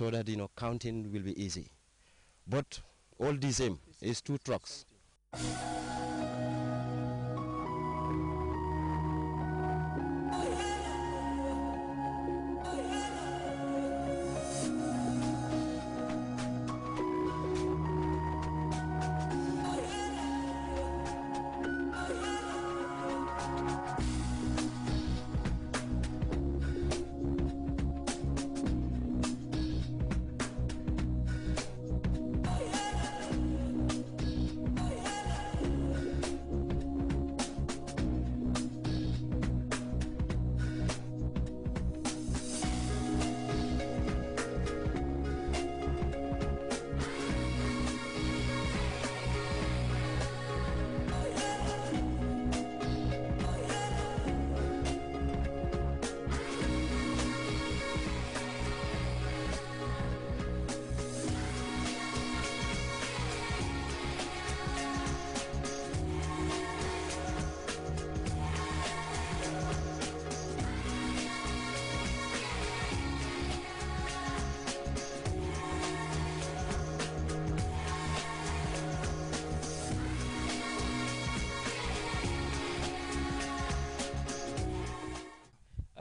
so that you know counting will be easy. But all the same, it's two trucks.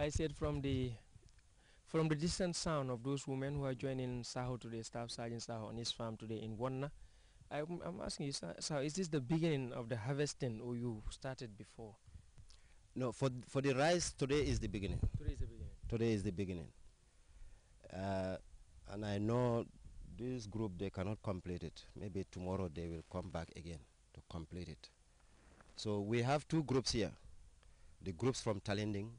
I said from the from the distant sound of those women who are joining Saho today, Staff Sergeant Saho on his farm today in Wonna, I'm, I'm, asking you, so is this the beginning of the harvesting or you started before? No, for, for the rice, today is the beginning. Today is the beginning. Today is the beginning. Uh, and I know this group, they cannot complete it. Maybe tomorrow they will come back again to complete it. So we have two groups here. The groups from Talending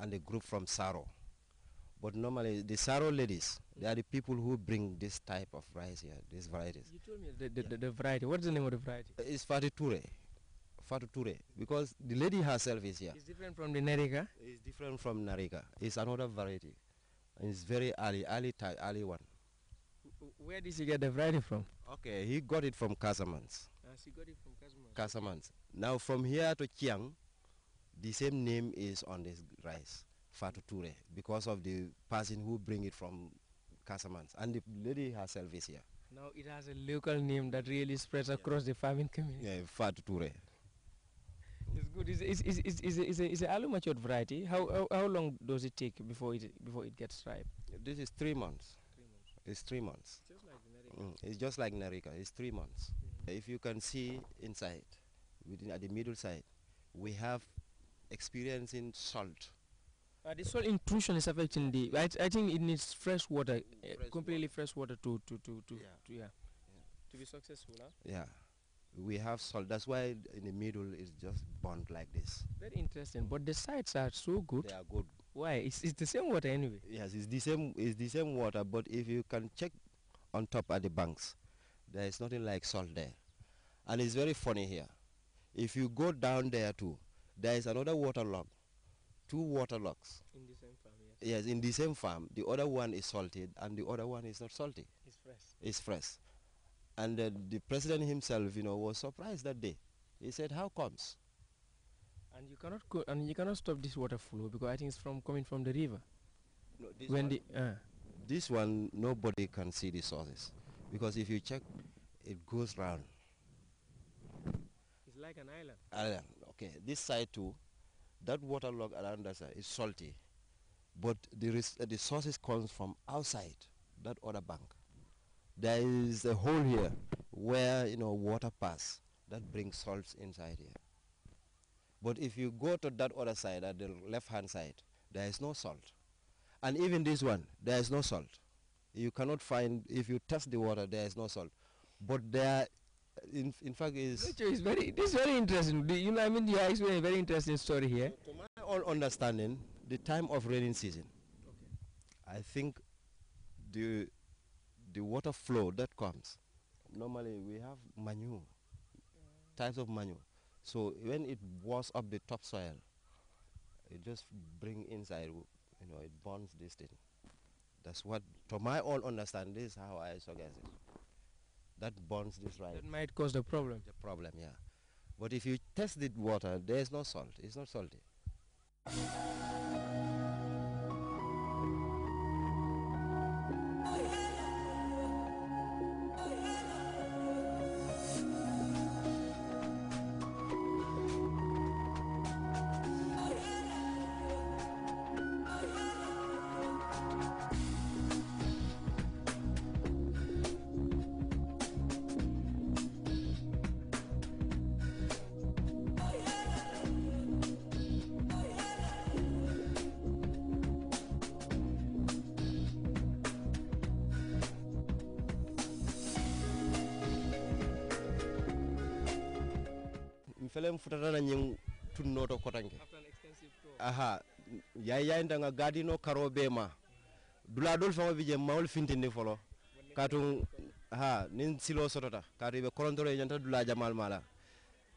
and a group from Saro. But normally the Saro ladies, they are the people who bring this type of rice here, these varieties. You told me the, the, yeah. the, variety. What's the name of the variety? It's Fatiture. Fatuture. Because the lady herself is here. It's different from the Narika? It's different from Narika. It's another variety. And it's very early, early, early one. Where did he get the variety from? Okay, he got it from Casamance. Ah, she got it from Casamance. Casamance. Now from here to Chiang, the same name is on this rice, Fatuture, because of the person who bring it from Casamance. And the lady herself is here. Now it has a local name that really spreads yeah. across the farming community. Yeah, Fatuture. It's good. It's, it's, it's, it's, it's, it's, a, it's a matured variety. How, how, how long does it take before it, before it gets ripe? This is three months. Three months. It's three months. Just like mm, it's just like Narika. It's three months. Mm -hmm. If you can see inside, within at the middle side, we have experiencing salt. Uh, the soil intrusion is affecting the. I, I think it needs fresh water, fresh uh, completely water. fresh water to to to to yeah. To, yeah. yeah. to be successful. Huh? Yeah, we have salt. That's why in the middle is just burnt like this. Very interesting. But the sides are so good. They are good. Why? It's it's the same water anyway. Yes, it's the same. It's the same water. But if you can check on top at the banks, there is nothing like salt there, and it's very funny here. If you go down there too there is another water log, two water logs. In the same farm, yes. Yes, in the same farm. The other one is salted and the other one is not salty. It's fresh. It's fresh. And uh, the president himself, you know, was surprised that day. He said, how comes? And you cannot co and you cannot stop this water flow because I think it's from coming from the river. No, this when one, the, uh, this one nobody can see the sources because if you check, it goes round. It's like an island. Island okay, this side too, that water log around us uh, is salty, but the, res the sources comes from outside that other bank. There is a hole here where you know water pass that brings salts inside here. But if you go to that other side, at uh, the left-hand side, there is no salt. And even this one, there is no salt. You cannot find, if you test the water, there is no salt. But there in, in fact is very this is very interesting you know i mean you are explaining a very interesting story here to my own understanding the time of raining season okay. i think the the water flow that comes normally we have manure types of manure so when it washes up the topsoil it just bring inside you know it burns this thing that's what to my own understanding is how i suggest it that burns this rice. That might cause the problem. The problem, yeah. But if you test the water, there is no salt. It's not salty. felem futatana ñing tunnoto kotanke aha yay yay ndanga gadino karo be ma dula dol fa bi maul mawol fintindi folo katun ha nin silo sotota katu be korontoro nyanta dula jamal mala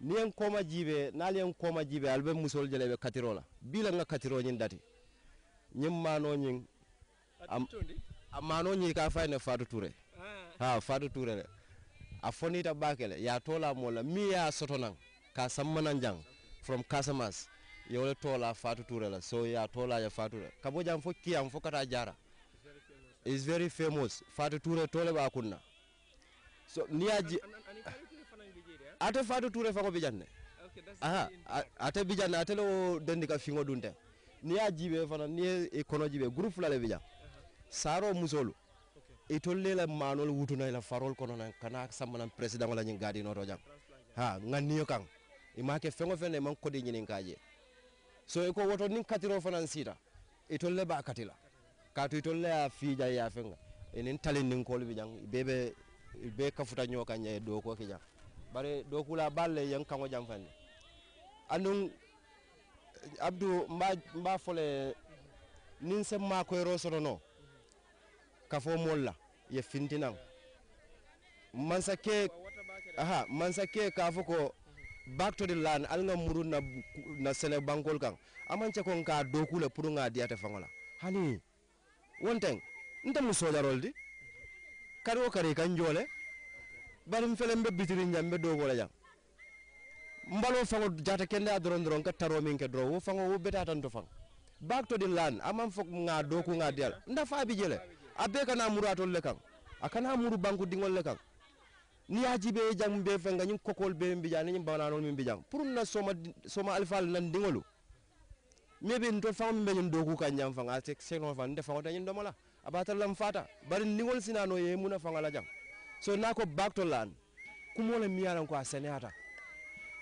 ni en koma jibe nal en koma jibe albe musol jele be katirola bila nga katiro nyin dati nyim mano nyin am mano nyi ka fayne fadu toure ah. ha fadu toure le a fonita bakele ya tola mola mi ya sotonan kasam mananjang from kasamas yole tola fatu ture la so ya tola ya fatu la kabo jam fo kiyam fo kata jara is very famous fatu ture tole ba kunna so niaji ate fatu ture fako bijanne aha ate bijanne ate lo dendi ka fingo dunte niya be fana ni e kono jibe groupe la le bija saro musolu e tolle la manol wutuna la farol kono nan kana samman president wala nyi gadi no to jam ha nganniyo kang imake fengo fene man o fɛn kode so e ko woto nin katiro fana sita itolu le b'a katila k'a to to le y'a fiija i y'a fɛn e nin tali nin kɔli bi jan be bɛ bɛɛ kafuta ɲɔgɔn nyae do ko kɛ jang bare do kula le yang kango jang fane anun abdu mba mba fole nin ni ma se maa koyɔrɔ no ka fo molla la ye fintinan mansakɛ aha mansakɛ k'a fɔ ko back to the land al nga muru na na sele bankol kan ce ko nka doku le pour nga diate fangola hani wonteng nta mu sojarol di kari o kan jole bari m fele mbe bitiri ñam mbe dogo la jang mbalo fango jata kende a doron doron ka taro min ke dro wo fango wo beta tan to fang back to the land amam fok nga doku nga dial nda fa bi jele abe kana muratol le kan akana muru banku dingol le kan ni yaji be jang be fenga nyim kokol be mbi jang nyim bana non mbi jang pour na soma soma alfal nan dingolu mebe ndo fam be nyim dogu kan nyam fanga tek selon fan de fanga nyim domala abatal lam fata bari ningol sinano ye muna fanga la jang so nako back to land kumola miyana ko senata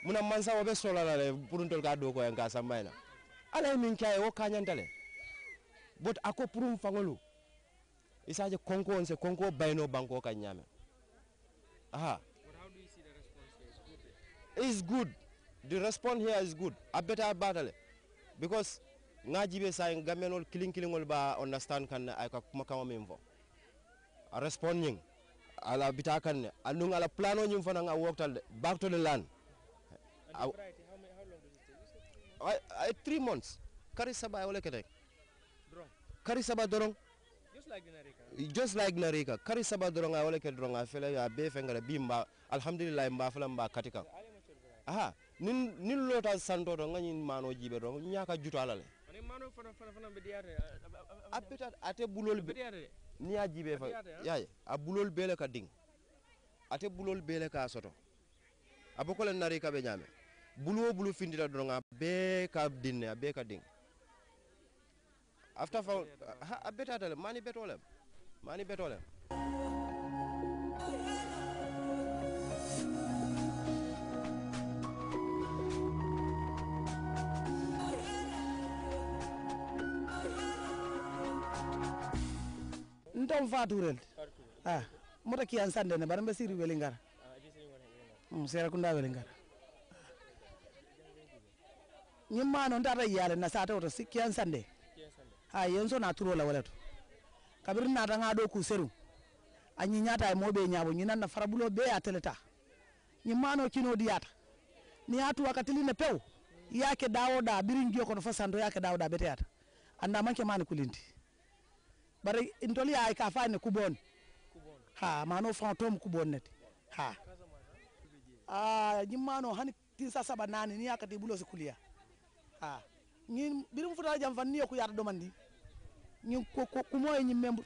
muna mansa wabe sola la pour ntol ka do ko en ka sambayna ala e min kay e, o kanyantale bot ako pour fangolu isaje konko on konko bayno banko kan nyame Aha. But how do you see the response here? It's good. It's good. The response here is good. A better battle. Because ngajibe sa ngamenol kiling kilingol ba understand kan ay ka kumakama memvo. A response ning ala bitakan anung ala plano nyum fana nga worked back to the land. And the variety, how, many, how long does it take? I, I, three months. Kari sabay wala kedek. Drong. Kari sabay dorong just like narika kari saba dɔrɔn a wala kɛ dɔrɔn a fɛlɛ a bɛɛ fɛn kɛra bi n ba alhamdulilayi n ba fɛlɛ n ba kati kan aha ni ni lota santo dɔn ŋa ɲin maano jibe dɔn n y'a ka juto ala le a peut-être a tɛ bulol bɛ ni y'a jibe fɛ y'a ye a bulol bɛɛ le ka diŋ a tɛ bulol bɛɛ le k'a sɔtɔ a bɔ kɔlɛ narika bɛ ɲaamɛ bulu o bulu findita dɔrɔn a bɛɛ ka dinne a bɛɛ ka diŋ After found, I, better tell money bet all Money bet all him. ntom faturende a mota kiyan sandene bara mbe siri weli ngara sera kunda weli ngara ñimmano ntata na sata oto kiyan sande a yenso na turo la wala to na tanga do ku seru anyi nyata mo be nyabo nyina na farabulo be ateleta nyi mano kino diata ni hatu wakati line pew yake dawo da birin jiyo kono fasando yake dawo da beteata anda manke mani kulinti bari intoli ay ka fane kubon ha mano fantom kubon neti ha ah nyi mano hani tisa saba nani ni yakati bulo sikulia ha nyi birin futa jam fanniyo ku yata domandi kumwoyo nyimembu